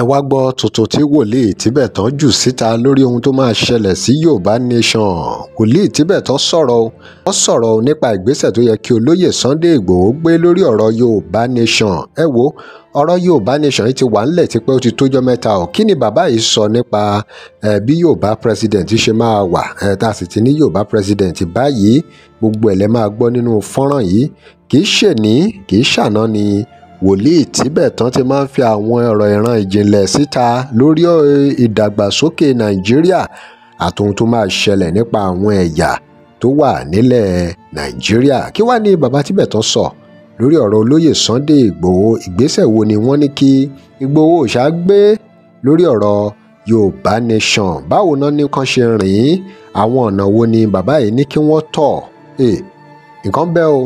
ẹ wáá gbọ́ tuntun tí wòlíì tìbẹ̀tàn jù síta lórí ohun tó máa ṣẹlẹ̀ sí yorùbá nation wòlíì tìbẹ̀tàn sọ̀rọ̀ ó sọ̀rọ̀ nípa ìgbésẹ̀ tó yẹ kí olóyè sunday igbòho gbé lórí ọ̀rọ̀ yorùbá nation ẹ wo ọ̀rọ̀ yorùbá nation ti wà ńlẹ̀ tipẹ́ ó ti tójọ́ mẹ́ta ọ̀ kí ni bàbá yìí sọ nípa bí yorùbá president ṣe máa wà tá a sì ti ní yorùbá president báyìí gbogbo ẹ̀ lẹ́ máa gbọ́ nínú wòlíì tíbẹ̀tán ti máa ń fi àwọn ọ̀rọ̀ ìran ìjìnlẹ̀ síta lórí ìdàgbàsókè nàìjíríà àtòhun tó máa ṣẹlẹ̀ nípa àwọn ẹ̀yà tó wà nílẹ̀ nàìjíríà kí wàá ní bàbá tíbẹ̀tán sọ lórí ọ̀rọ̀ olóyè Sunday Ìgbòho ìgbésẹ̀ wo ni wọ́n ní kí Ìgbòho ṣá gbé lórí ọ̀rọ̀ Yorùbá Nation báwo náà ní kan ṣe rìn àwọn ọ̀nà wo ni bàbá yìí ní kí wọ́n tọ̀ nǹkan bẹ́ẹ̀ o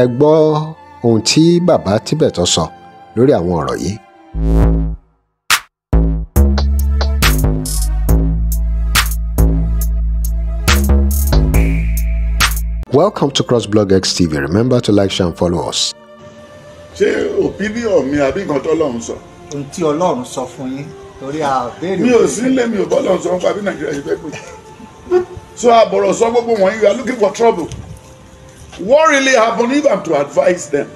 ẹ gbọ́ ohun tí bàbá Tibetan sọ lórí àwọn ọ̀rọ̀ yìí. Welcome to crossblog X TV remember to like share and follow us. ṣé opinion mi àbí nǹkan tó lọ́run sọ. ohun tí Ọlọ́run sọ fún yín torí a béèrè. mi ò sí lé mi ò bọ́ lọ́run sọ fún abí Nàìjíríà ṣe fẹ́ pè. so àbọ̀rọ̀ sọ gbogbo wọ̀nyí you are looking for trouble what really happened if to advise them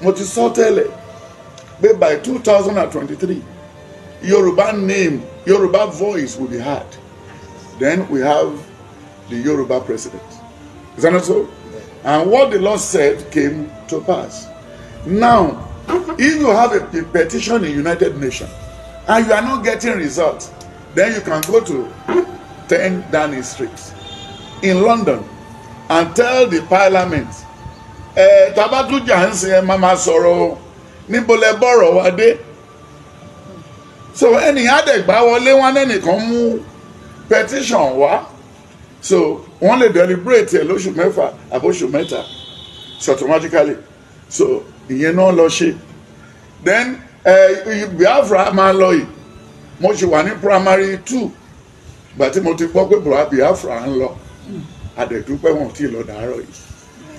mo ti sọ tẹ́lẹ̀ pé by two thousand and twenty-three Yoruba name Yoruba voice will be heard then we have the Yoruba president is that not so and what the Lord said came to pass now if you have a petition in United Nations and you are not getting results then you can go to ten Downing Street in London and tell the parliament ẹ tabatuja ń sin ẹ máa ma níbo lẹ bọ̀rọ̀ wa dé so ẹnì àdẹ̀gbá wọlé wọn ẹnìkan mú petition wá so wọ́n lè deliberate ẹ̀ lóṣù mẹ́fà àbóṣù mẹ́ta so automatically so ìyẹn náà lọ ṣe then uh, Biafra máa lọ yìí mo ṣì wà ní primary two gbàtí mo ti gbọ́ pé Biafra ń lọ. Mm àdẹ̀dúpẹ́ wọn ò tí ì lọ dàárọ̀ yìí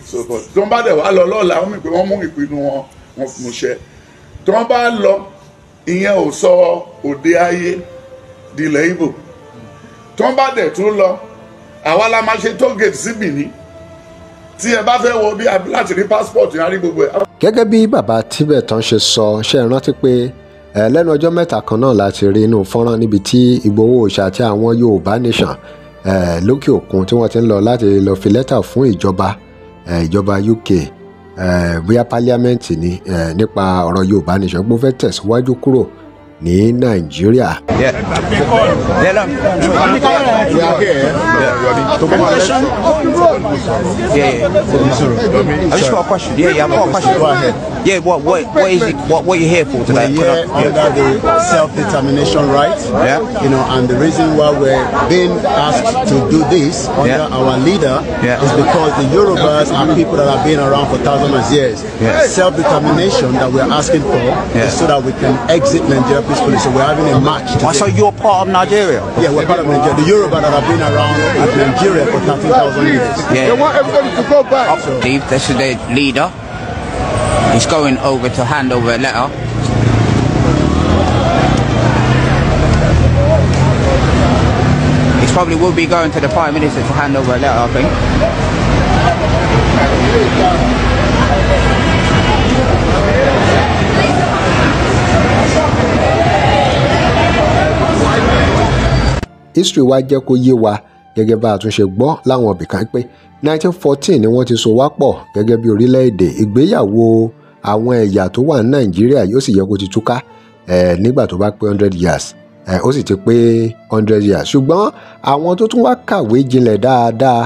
so but tó ń bá dẹ̀ wá lọ lọ́la wọ́n mi pé wọ́n mú ìpinnu wọn wọn mú ṣẹ tó ń bá lọ ìyẹn ò sọ òde ayé dilẹ̀ Ìgbò tó ń bá dẹ̀ tún lọ àwa la máa ṣe toll gate sí Benin tí ẹ bá fẹ́ wọ bí láti rí passport yẹn á rí gbogbo ẹ̀. gẹ́gẹ́ bí bàbá Tibetan ṣe sọ ṣe rántí pé lẹ́nu ọjọ́ mẹ́ta kan náà láti rí inú fọ́nrán níbi tí Ìgbòho Òòṣà àti àwọn Yorùbá nation lókè òkun tí wọ́n ti ń lọ láti lọ fi lẹ́tà fún ìjọba ìjọba UK bóyá pálíámẹ́ǹtì ni nípa ọ̀rọ̀ Yorùbá nìṣẹ́ gbọ́n fẹ́ tẹ̀síwájú kúrò ní nàìjíríà. Yeah, Yeah. Yeah, Have got a question? what, what, what is it? What, what are you here for today? We're here under the self-determination rights. Yeah. You know, and the reason why we're being asked to do this under yeah. our leader yeah. is because the Yorubas are people that have been around for thousands of years. Yeah. Self-determination that we're asking for is so that we can exit Nigeria peacefully, so we're having a match today. Oh, so you're part of Nigeria? Yeah, we're part of Nigeria. The Yoruba that have been around Nigeria for 13,000 years. Yeah. They want everybody to go back. So. Steve, this is the leader. He's going over to hand over a letter. He probably will be going to the Prime Minister to hand over a letter, I think. history wa jẹ́ kó yé wa gẹ́gẹ́ bá a tún gbọ́ láwọn ibìkan pé 1914 ni wọ́n ti so wá pọ̀ gẹ́gẹ́ bí orílẹ̀-èdè ìgbéyàwó àwọn ẹ̀yà tó wà ní nàìjíríà yóò sì yẹ kó ti túká nígbà tó bá pé 100 years ó sì ti pé 100 years ṣùgbọ́n àwọn tó tún wá kàwé jinlẹ̀ dáadáa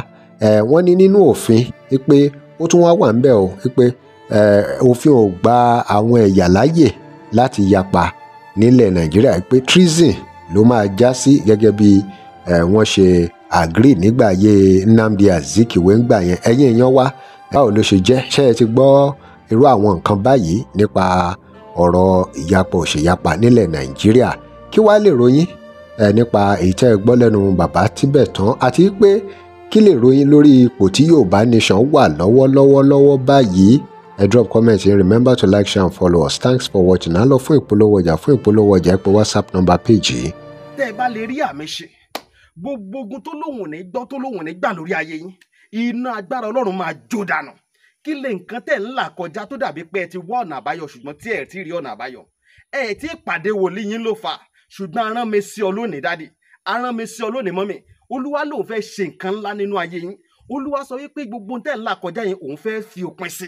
wọ́n ní nínú òfin pé ó tún wá wà ń bẹ̀ o pé òfin ò gba àwọn ẹ̀yà láyè láti yapa nílẹ̀ nàìjíríà pé treason ló máa já sí gẹ́gẹ́ bí wọ́n ṣe agree nígbà ayé Nnamdi Azikiwe ń gbà yẹn ẹ̀yin èèyàn wa báwo ló ṣe jẹ́ ṣé ẹ ti gbọ́ irú àwọn nǹkan báyìí nípa ọ̀rọ̀ ìyapa òṣèyapa nílẹ̀ Nàìjíríà kí wàá lè ròyìn ẹ nípa èyí tẹ́ ẹ gbọ́ lẹ́nu bàbá Tibetan àti pé kí lè ròyìn lórí ipò tí Yorùbá Nation wà lọ́wọ́lọ́wọ́ lọ́wọ́ báyìí ẹ drop comment yín remember to like share and follow us thanks for watching a lọ fún ìpolówó ọjà fún ìpolówó ọjà ẹ whatsapp number page yìí. tẹ́ ẹ bá lè rí àmì ṣe gbogbo ogun tó lóun ní gbọ́ tó lóun ní gbà lórí ayé yín iná agbára ọlọ́run máa jó dànù kí lè nǹkan tẹ̀ ń là kọjá tó dàbí pé ẹ ti wá ọ̀nà àbáyọ ṣùgbọ́n tí ẹ ti rí ọ̀nà àbáyọ ẹ ti pàdé wòlíì yín ló fà ṣùgbọ́n arán mi sí ọ lónìí dádì arán mi sí ọ lónìí mọ́mì olúwa lòun fẹ́ ṣe nǹkan ńlá nínú ayé yín olúwa sọ wípé gbogbo tẹ̀ ń là kọjá yẹn òun fẹ́ fi òpin sí